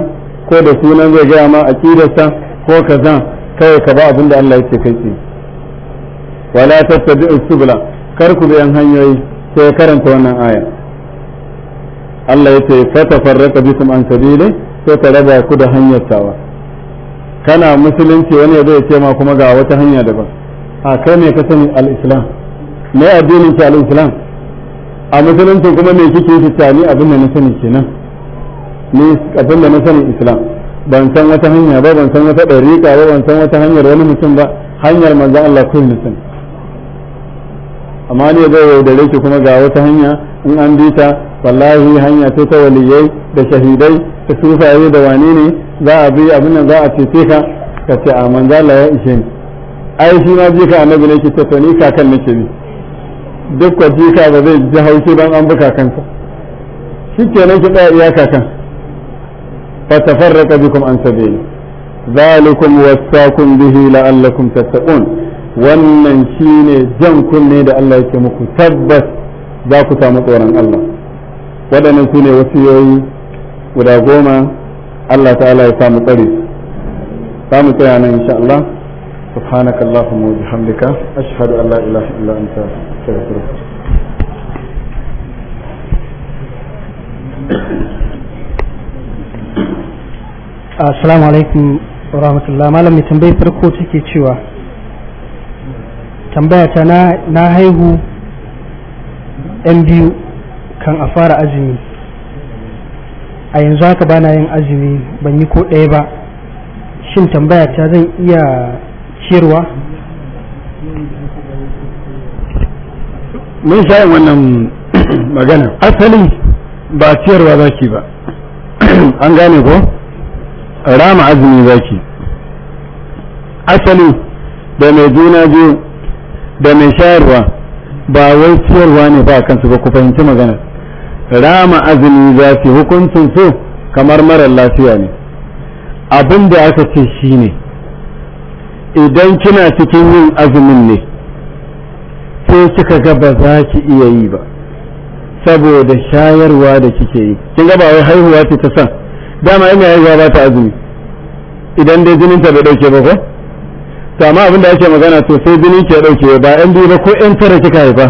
ko da sunan zai gaya ma aqidarsa ko kaza kai ka ba abin da Allah ya ce kai wala tattabi'us subula kar ku bi yan hanyoyi sai karanta wannan aya Allah ya ce farraka bikum an sabili sai ta raba ku da hanyar tawa kana musulunci wani ya zai ce ma kuma ga wata hanya daban a kai ne ka sani al-islam me addinin ki al-islam a musulunci kuma me kike yi tani abin da na sani kenan ni abin da na sani islam ban san wata hanya ba ban san wata dariqa ba ban san wata hanyar wani mutum ba hanyar manzon Allah ne sani amma ne zai yaudare ki kuma ga wata hanya in an bi ta wallahi hanya ce ta waliyai da shahidai da sufaye da wane ne za a bi abin nan za a cece ka ka ce a manzo Allah ya ishe ni ai shi ma jika annabi ne ki ta to ni kakan nake ni duk ko jika ba zai ji haushi dan an buka kanka shikenan ki tsaya iya kakan fatafarraqa bikum an sabili ذلكم وساكم bihi la'allakum تتقون wannan shi ne jan kunne da Allah yake muku tabbas za ku samu tsoron Allah waɗannan su ne yoyi guda goma Allah ta'ala ya samu tsari samu tsaya nan insha Allah سبحانك اللهم وبحمدك أشهد أن لا إله إلا أنت أستغفرك السلام alaikum ورحمة الله ما لم يتنبي فرقو تكي tambaya ta na haihu yan biyu kan a fara azumi a yanzu haka bana yin azumi ban yi ko ɗaya ba shin tambaya ta zan iya ciyarwa mun sha wannan magana asali ba ciyarwa ki ba an gane ko rama azumi ki. asali da mai juna biyu da mai shayarwa ba wai ciyarwa ne ba kansu ba ku fahimci magana rama azumi za su hukuncin su kamar marar lafiya ne abin da aka ce shi ne idan kina cikin yin azumin ne sai kika ga ba za ki iya yi ba saboda shayarwa da kike yi kin ga ba wai haihuwa ce ta san dama ina haihuwa ba ta azumi idan dai jininta bai dauke ba ko to amma abin da ake magana to sai jini ke dauke ba yan biyu ba ko yan tara kika haifa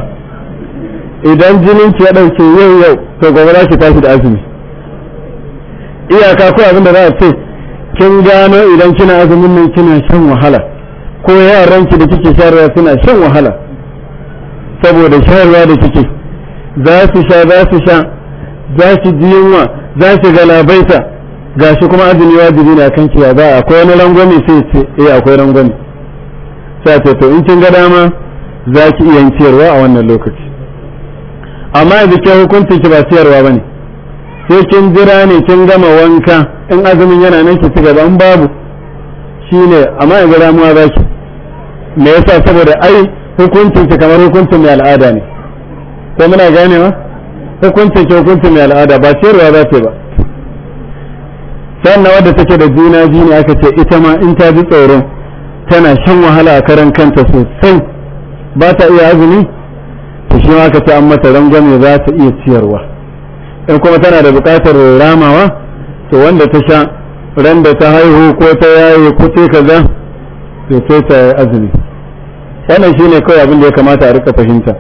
idan jinin ke dauke yau yau to gobe za ki tashi da azumi iyaka ko abin da za a ce kin gano idan kina azumin nan kina shan wahala ko yaran ki da kike shayarwa suna shan wahala saboda shayarwa da kike za su sha za su sha za su ji yunwa za su galabaita gashi kuma azumi wajibi ne kan kiya ba akwai wani rangwame sai ce eh akwai rangwame sai ce to in kin ga dama za ki iya ciyarwa a wannan lokaci amma yanzu ke hukuncin ki ba ciyarwa bane sai kin jira ne kin gama wanka in azumin yana nan ki cigaba gaba in babu shine amma yanzu ramuwa za ki me yasa saboda ai hukuncin ki kamar hukuncin mai al'ada ne ko muna ma hukuncin ki hukuncin mai al'ada ba ciyarwa za ce ba sannan wadda take da juna biyu ne aka ce ita ma in ta ji tsoron tana shan wahala a karan kanta sosai ba ta iya azumi to shi ma ka ce an mata rangwame za ta iya ciyarwa in kuma tana da buƙatar ramawa to wanda ta sha ran da ta haihu ko ta yaye ko kaza to sai ta azumi wannan ne kawai abin da ya kamata a rika fahimta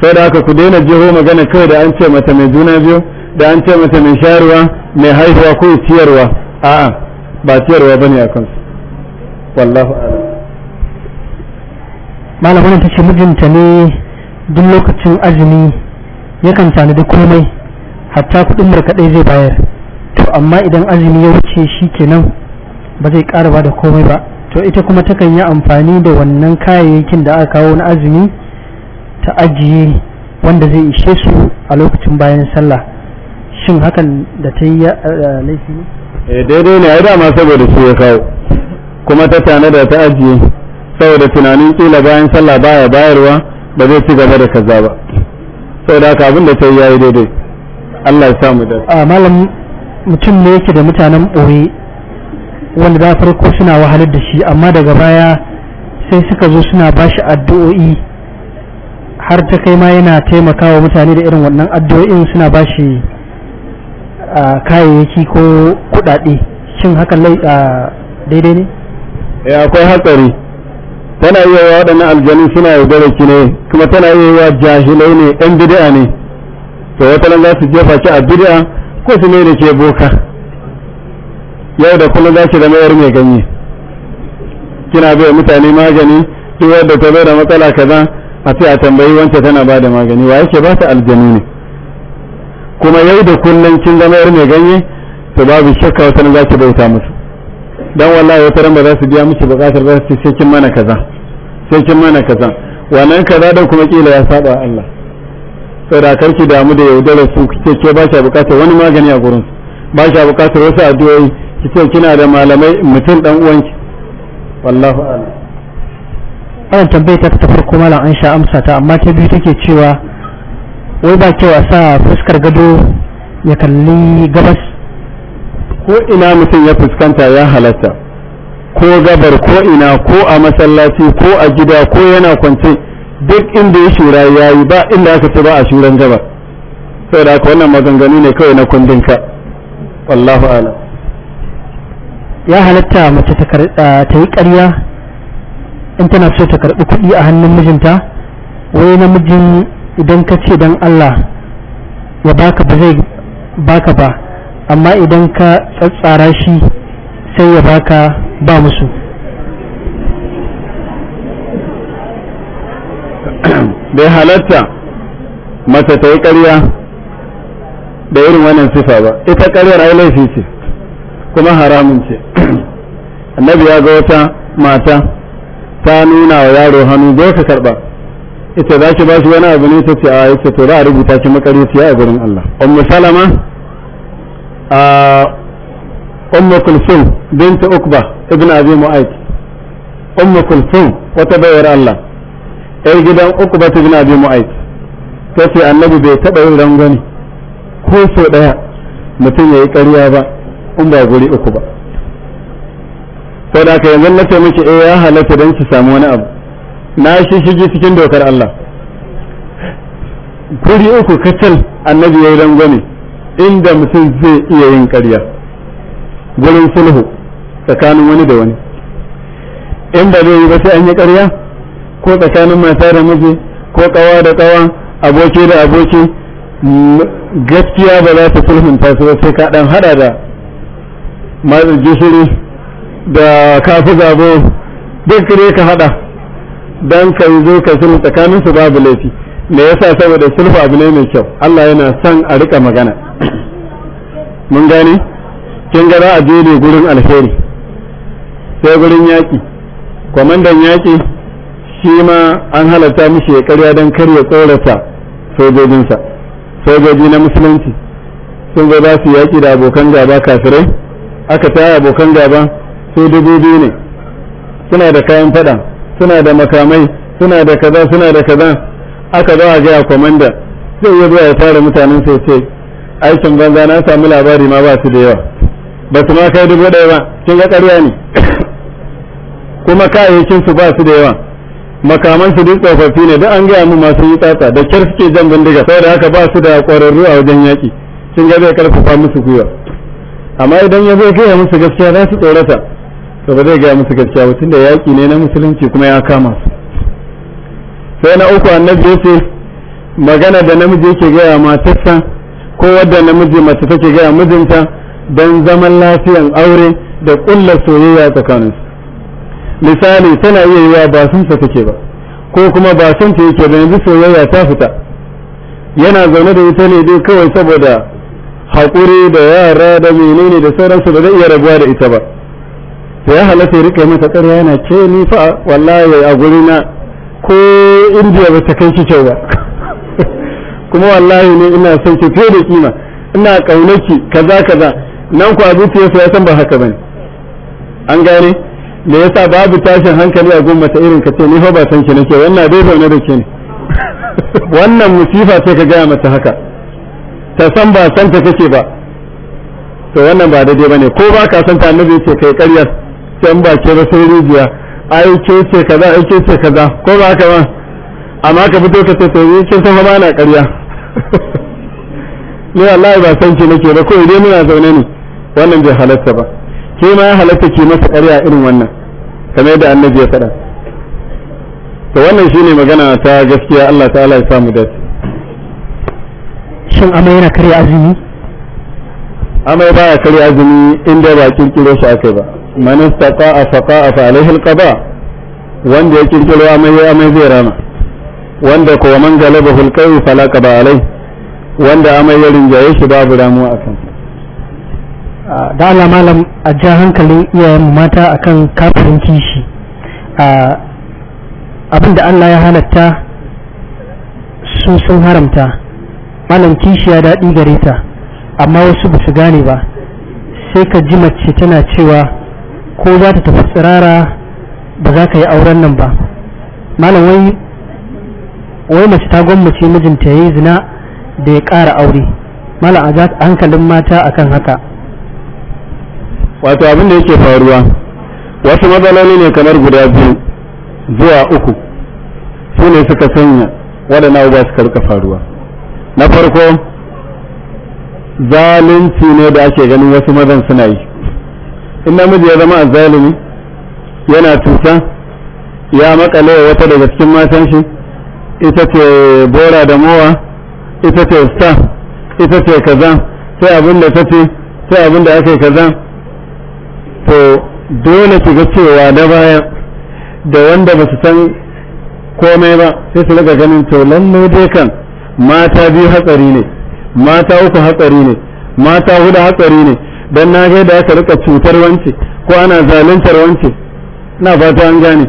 sai da haka ku daina jiho magana kawai da an ce mata mai juna biyu da an ce mata mai sharuwa mai haihuwa ko ciyarwa a'a ba ciyarwa bane a kansu wallahu malamin ta ce mijinta ne duk lokacin azumi yakan tanadi komai hatta kuɗin markaɗai zai bayar to amma idan azumi ya wuce shi kenan ba zai ƙara ba da komai ba to ita kuma takan yi amfani da wannan kayayyakin da aka kawo na azumi ta ajiye wanda zai ishe su a lokacin bayan sallah shin hakan da ta yi laifi ne eh, daidai ne ai dama saboda su ya kawo kuma ta tana da ta ajiye saboda tunanin kila bayan sallah baya bayarwa ba zai ci gaba da kaza ba saboda haka abin da ta yi yayi daidai Allah ya samu da a malam mutum ne yake da mutanen ɓoye wanda da farko suna wahalar da shi amma daga baya sai suka zo suna bashi addu'o'i har ta kai ma yana taimakawa mutane da irin wannan addu'o'in suna bashi kayayyaki ko kudade shin hakan daidai ne? Eh, akwai hatsari tana yi wa waɗannan aljanu suna yaudara ki ne kuma tana yi wa jahilai ne ɗan bid'a ne to wata nan za su jefa ki a bid'a ko su ne da ke boka yau da kullum za ki zama yar mai ganye kina bai mutane magani duk wanda ta bai da matsala kaza a sai a tambayi wance tana ba da magani wa yake ba ta aljanu ne kuma yau da kullum kin zama yar mai ganye to babu shakka wata nan za ki bauta musu dan wallahi wata ran ba za su biya miki bukatar za su sai kin mana kaza sai kin mana kaza wannan kaza da kuma kila ya saba Allah saboda karki damu da yaudarar su kike ke ba shi bukatar wani magani a gurin ba shi bukatar wasu addu'o'i kike kina da malamai mutum dan uwanki wallahu a'lam wannan tambayar ta ta farko malam an sha amsa ta amma ta biyu take cewa wai ba kyau a sa fuskar gado ya kalli gabas ko ina mutum ya fuskanta ya halatta ko gabar ko ina ko a masallaci ko a gida ko yana kwance duk inda ya shura ya yi ba inda aka ce ba a shuran gabar saboda aka wannan maganganu ne kawai na kundin ka wallahu alam ya halatta mace eh, ta yi ƙarya in tana so ta karɓi kuɗi a hannun mijinta wai namijin idan ka ce don Allah ya baka ba zai baka ba amma idan ka tsatsara shi sai ya baka ba musu bai halatta mace ta yi ƙarya da irin wannan sifa ba ita ƙaryar ai laifi ce kuma haramun ce annabi ya ga wata mata ta nuna wa yaro hannu zai ka karba ita za ki ba shi wani abu ne ta ce a yake to za a rubuta ki ya a gurin Allah ummu salama أم كلثوم بنت أكبة ابن أبي معيط أم كلثوم وتبير الله أي جدا أكبة ابن أبي معيط تسي النبي بيتبعي رنغني كوسو ديا متين يكريا با أم بقولي أكبة saboda yanzu na لك miki إياها لك halatta don أب ناشي شجي سكين دوكر الله shige أكو كتل النبي kuri inda mutum zai iya yin ƙarya gurin sulhu tsakanin wani da wani in ba zai yi ba sai an yi ƙarya ko tsakanin mata da miji ko ƙawa da ƙawa aboki da aboki gaskiya ba za ta sulhunta su ba sai ka haɗa da matsin gishiri da kafi zabo duk ne ka haɗa don ka yi zo ka sulhu tsakaninsu babu laifi me yasa saboda sulhu abu ne mai kyau Allah yana son a riƙa magana mun gane kin ga za a je ne gurin alheri sai gurin yaƙi kwamandan yaƙi shi ma an halatta mishi ya karya don kar ya tsorata sojojinsa sojoji na musulunci sun zo za su yaƙi da abokan gaba kafirai aka taya abokan gaba su dubu biyu ne suna da kayan fada suna da makamai suna da kaza suna da kaza aka zo a gaya kwamanda zai ya zo ya fara mutanen sai aikin banza na samu labari ma ba su da yawa ba su ma kai dubu ɗaya ba kin ga ƙarya ne kuma kayayyakin su ba su da yawa makaman su duk tsofaffi ne duk an gaya mu masu yi tsatsa da kyar suke jan bindiga saboda haka ba su da ƙwararru a wajen yaƙi kin ga zai karfafa musu gwiwa amma idan ya zai gaya musu gaskiya za su tsorata to ba zai gaya musu gaskiya ba tunda yaƙi ne na musulunci kuma ya kama su sai na uku annabi ya ce magana da namiji yake gaya matarsa ko wadda namiji mace take gaya mijinta don zaman lafiyan aure da ƙulla soyayya tsakaninsu misali tana iya yiwa ba sun sa take ba ko kuma ba son ta yake ba yanzu soyayya ta fita yana zaune da ita ne dai kawai saboda haƙuri da yara da menene da sauransu da zai iya rabuwa da ita ba to ya halatta ya rika mata ƙarya yana ce ni fa wallahi a guri na ko indiya ba ta kai shi kyau ba kuma wallahi ne ina son ki fiye da kima ina kaunaki kaza kaza nan ku a zuciyarsa ya san ba haka bane an gane me yasa babu tashin hankali a gun mata irin ka ce ni fa ba san ki nake wannan dai zaune da ke ne wannan musifa ce ka gaya mata haka ta san ba san ta kake ba to wannan ba daidai bane ko ba ka san ta annabi ce kai ƙaryar can ba ke ba sai rijiya ai ke ce kaza ai ke ce kaza ko ba ka ba amma ka fito ka ce to ni kin san ba na ƙarya ni wallahi ba san ki nake ba kawai dai muna zaune ne wannan bai halatta ba ke ma ya halatta ke masa ƙarya irin wannan kamar yadda annabi ya faɗa to wannan shine magana ta gaskiya Allah ta'ala ya samu dace shin amai yana karya azumi amai baya karya azumi inda ba kirkiro shi akai ba man istata'a faqa'a fa alaihi alqada wanda ya kirkiro amai amai zai rama wanda kuwa man galabahu alqawi fala ba alai wanda amai ya rinjaye shi babu ramuwa akan da Allah malam a ja hankalin iyayen mata akan kafirin kishi abin da Allah ya halatta sun sun haramta malam kishi ya daɗi gare ta amma wasu ba su gane ba sai ka ji mace tana cewa ko za ta tafi tsirara ba za ka yi auren nan ba malam wai wai mace ta gwammace mijinta ya yi zina da ya ƙara aure mala a hankalin mata akan haka wato abin da yake faruwa wasu matsaloli ne kamar guda biyu zuwa uku su ne suka sanya waɗanda ba su karka faruwa na farko zalunci ne da ake ganin wasu mazan suna yi in namiji ya zama a zalimi yana tusa ya makale wata daga cikin matan ita ce bora da mowa ita ce star ita ce kaza sai abin da ta ce sai abin da aka yi kaza to dole su ga cewa da baya da wanda ba su san komai ba sai su daga ganin to lalle dai kan mata biyu hatsari ne mata uku hatsari ne mata huda hatsari ne don na ga da aka rika cutar wance ko ana zaluntar wance na fata an gane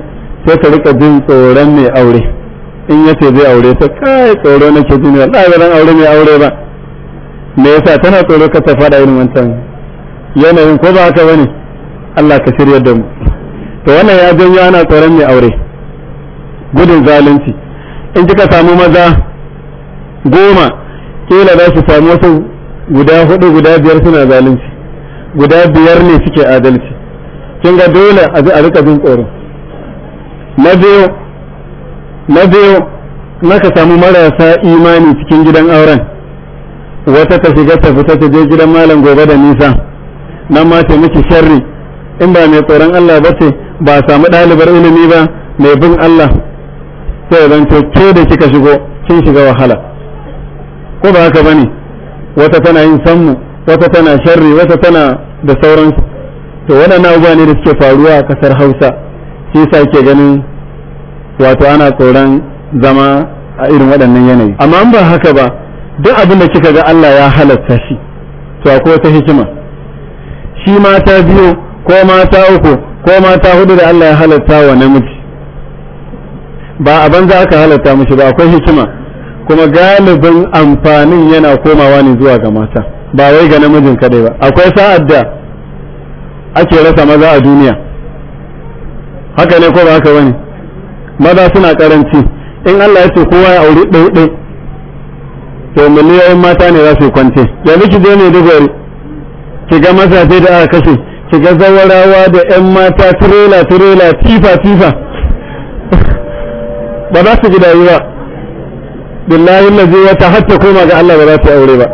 sai ka rika jin tsoron mai aure in ya ce zai aure ta kai tsoro na ke duniya ba zan aure mai aure ba me yasa tana tsoro ka ta fada irin wancan yanayin ko ba haka bane Allah ka shirya da mu to wannan ya janyo ana tsoron mai aure gudun zalunci in kika samu maza goma kila za su samu wasu guda hudu guda biyar suna zalunci guda biyar ne suke adalci kin ga dole a rika jin tsoro na biyu na biyu ka samu marasa imani cikin gidan auren wata ta shiga ta fita ta je gidan malam gobe da nisa nan ma ce miki sharri in ba mai tsoron Allah ba ce ba samu ɗalibar ilimi ba mai bin Allah sai zan to ke da kika shigo kin shiga wahala ko ba haka bane wata tana yin sammu wata tana sharri wata tana da sauransu to waɗannan abubuwa ne da suke faruwa a ƙasar Hausa shi sa ke ganin wato ana tsoron zama a irin waɗannan yanayi amma an ba haka ba duk abin da kika ga Allah ya halatta shi to akwai wata hikima shi mata biyu ko mata uku ko mata hudu da Allah ya halatta wa namiji ba a banza aka halatta mishi ba akwai hikima kuma galibin amfanin yana komawa ne zuwa ga mata ba wai ga namijin kadai ba akwai sa'ad da ake rasa maza a duniya haka ne ko ba haka wani maza suna karanci in Allah ya ce kowa ya auri ɗaya ɗaya to miliyoyin mata ne za su kwance yanzu ki je ne dugwari ki ga mazaje da aka kashe ki ga zawarawa da yan mata turela turela tifa tifa ba za su ji ba billahi lazi wata hatta koma ga Allah ba za su aure ba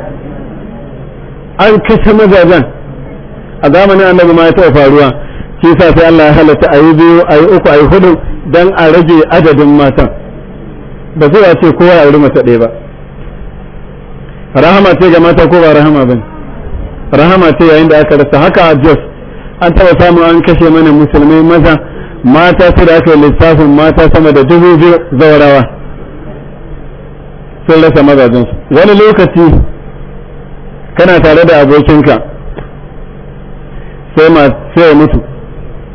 an kashe mazajen a zamanin annabi ma ya taɓa faruwa shi sa sai Allah ya halatta ayi biyu ayi uku ayi hudu Dan a rage adadin matan ba zai ce kowa ya wuri mace ɗaya ba rahama ce ga mata ko ba rahama ba rahama ce yayin da aka rasa haka a jos an taɓa samu an kashe mana musulmai maza mata su da aka yi lissafin mata sama da dubu biyu zaurawa sun rasa su wani lokaci kana tare da abokinka sai ma sai mutu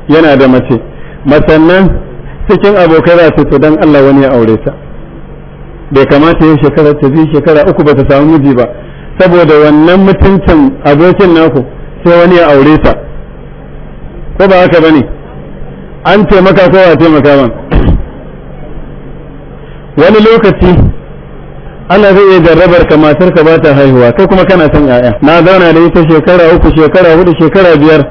yana da mace mace nan cikin abokai za su to dan Allah wani ya aure ta bai kamata yin shekara ta bi shekara uku ba ta samu miji ba saboda wannan mutuncin abokin naku sai wani ya aure ta ko ba haka bane an taimaka kowa ba taimaka ba wani lokaci ana zai iya jarrabar ka matar ka ba ta haihuwa kai kuma kana son 'ya'ya na zauna da ita shekara uku shekara hudu shekara biyar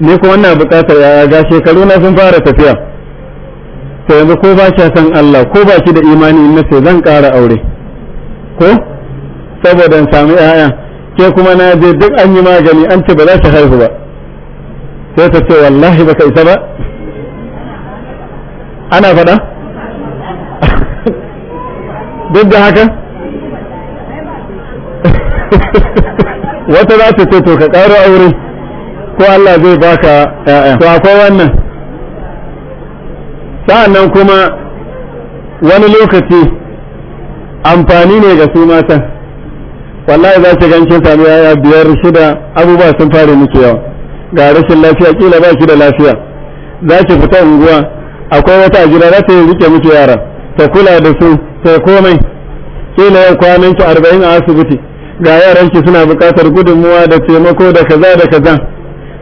ni kuma ina buƙatar 'ya'ya ga shekaru na sun fara tafiya to yanzu ko ba shi san Allah ko ba shi da imani in nace zan ƙara aure ko saboda in samu ƴaƴan ke kuma na je duk an yi magani an ce ba za ta haihu ba sai ta ce wallahi baka isa ba ana faɗa duk da haka wata za ta ce to ka ƙara aure ko Allah zai baka ƴaƴa to akwai wannan sa'annan kuma wani lokaci amfani ne ga su mata. wallahi za ki gancin sami yaya biyar shida abubuwa sun fara miki yawa ga rashin lafiya kila ba ki da lafiya za ki fita unguwa akwai wata a gida za ta rike miki yara ta kula da su ta komai kila yau kwanan ki arba'in a asibiti ga yaran ki suna buƙatar gudunmuwa da taimako da kaza da kaza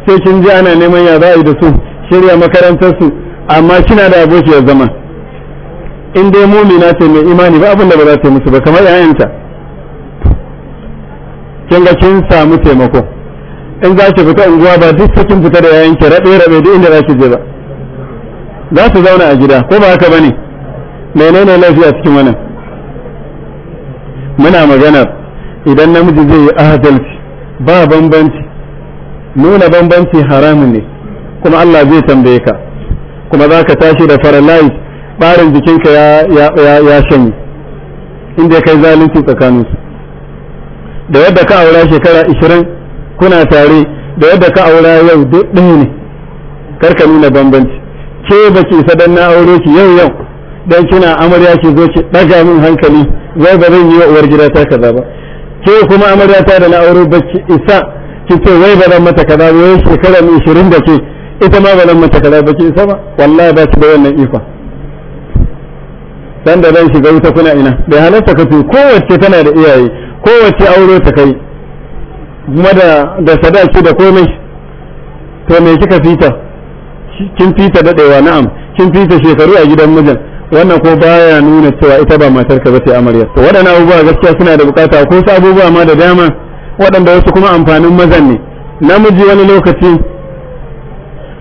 sai kin ji ana neman ya za a yi da su shirya makarantar su amma kina da abokiyar zama in dai mumina ce mai imani ba abin da ba za ta musu ba kamar yayanta kin ga kin samu taimako in za ki fita unguwa ba duk kin fita da yayan ki rabe rabe duk inda za ki je ba za su zauna a gida ko ba haka bane menene lafiya cikin wannan muna maganar idan namiji zai yi adalci ba bambanci nuna bambanci haramun ne kuma Allah zai tambaye ka kuma za ka tashi da farallai ɓarin jikinka ya shanyi inda ya kai zalunci tsakaninsu da yadda ka aura shekara ishirin kuna tare da yadda ka aura yau ɗaya ne karka nuna bambanci ke ba ki sadan na aure ki yau yau dan kina amarya ki zo ki ɗaga min hankali zai ba zan yi wa uwar gida ta kaza ba ke kuma amarya ta da na aure ba ki isa ki ce wai ba zan mata kaza ba yau shekara ishirin da ke ita ma ba zan mata kaza ba ki isa ba wallahi ba shi da wannan ifa dan da zan shiga wuta kuna ina bai halarta ka ko kowace tana da iyaye kowace aure ta kai kuma da da sadaki da komai to me kika fita kin fita dadewa na'am kin fita shekaru a gidan mijin wannan ko baya nuna cewa ita ba matar ka ce amarya to waɗannan abubuwa gaskiya suna da bukata ko su abubuwa ma da dama waɗanda wasu kuma amfanin mazan ne namiji wani lokaci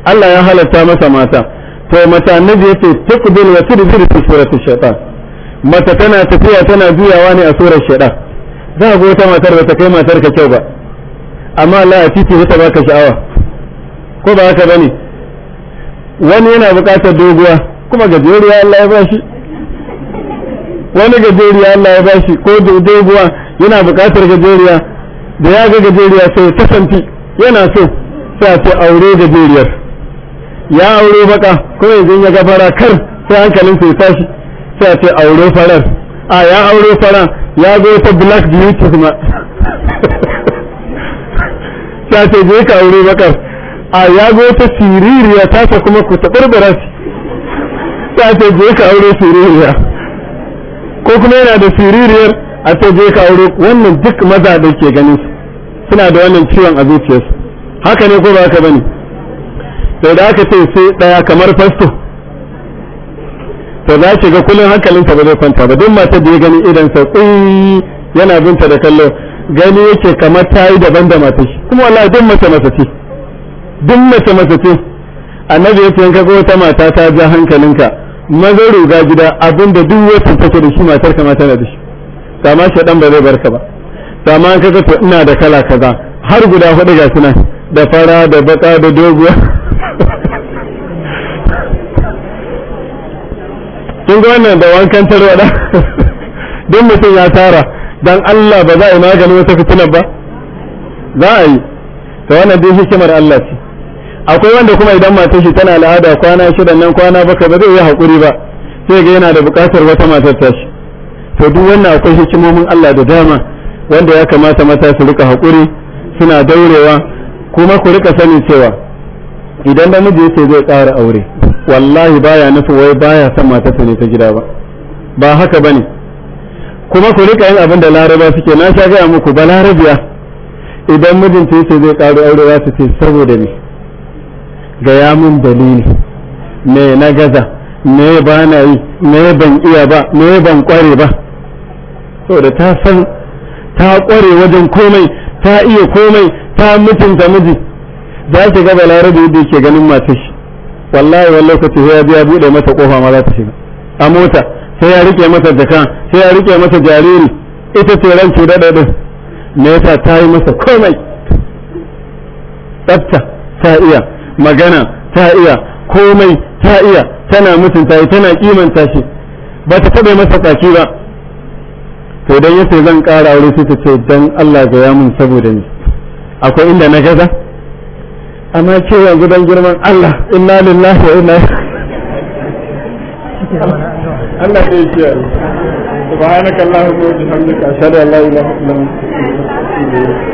Allah ya halatta masa mata to mata annabi yace taqbil wa tudbir fi surati shaitan mata tana tafiya tana juyawa ne a surar shaitan za ga wata matar ba ta kai matar ka kyau ba amma Allah ya titi wata baka sha'awa ko ba haka bane wani yana buƙatar doguwa kuma gajeriya Allah ya bashi wani gajeriya Allah ya bashi ko doguwa yana buƙatar gajeriya da ya ga gajeriya sai ta santi yana so sai a ce aure gajeriyar ya aure baka ko yanzu ya gafara fara kar sai hankalin sai tashi sai a ce aure farar a ya aure fara ya zo ta black beauty ma sai a ce je ka aure baka a ya zo ta siririya ta ta kuma ku ta shi sai a ce je ka aure siririya ko kuma yana da siririyar a ce je ka aure wannan duk maza da ke ganin suna da wannan ciwon a zuciyarsu haka ne ko ba haka bane sai da aka ce sai ɗaya kamar fasto to za ki ga kullum hankalinta ba zai kwanta ba duk matar da ya gani idan tsin yana binta da kallo gani yake kamar ta yi daban da shi kuma wallahi duk mace mace ce duk mace mace ce annabi ya ka ga wata mata ta ja hankalinka maza ruga gida abinda duk wata take da shi matar kama tana da shi kama dan ba zai barka ba kama an kaga to ina da kala kaza har guda hudu ga suna da fara da baka da doguwa kun ga wannan da wankan da don mutum ya tara don Allah ba za a yi maganin wata fitinar ba za a yi ta wannan dai hikimar Allah ce akwai wanda kuma idan matar shi tana al'ada kwana shida nan kwana baka ba zai yi haƙuri ba sai ga yana da buƙatar wata matar tashi to duk wannan akwai hikimomin Allah da dama wanda ya kamata mata su rika haƙuri suna daurewa kuma ku rika sani cewa idan namiji sai zai ƙara aure wallahi baya nufin wai baya son matarsa ne ta gida ba ba haka bane kuma ku rika yin abin da laraba suke na sha gaya muku ba idan mijinta yace zai karo aure za su ce saboda me gaya mun dalili me na gaza me ba na yi me ban iya ba me ban kware ba saboda ta san ta kware wajen komai ta iya komai ta mutunta miji za ki ga larabi da yake ganin matashi wallahi wani lokaci sai ya biya bude mata kofa ma za ta shiga a mota sai ya rike mata jaka sai ya rike mata jariri ita ce ran cuta da me yasa ta yi masa komai tsafta ta iya magana ta iya komai ta iya tana mutunta shi tana kimanta shi ba ta taɓa masa tsaki ba to dan yace zan ƙara aure sai ta ce dan Allah ga ya mun saboda ni akwai inda na gaza amma cewa gudan girman Allah inna lillahi wa inna Allah ya wa bihamdika ashhadu an la ilaha illa anta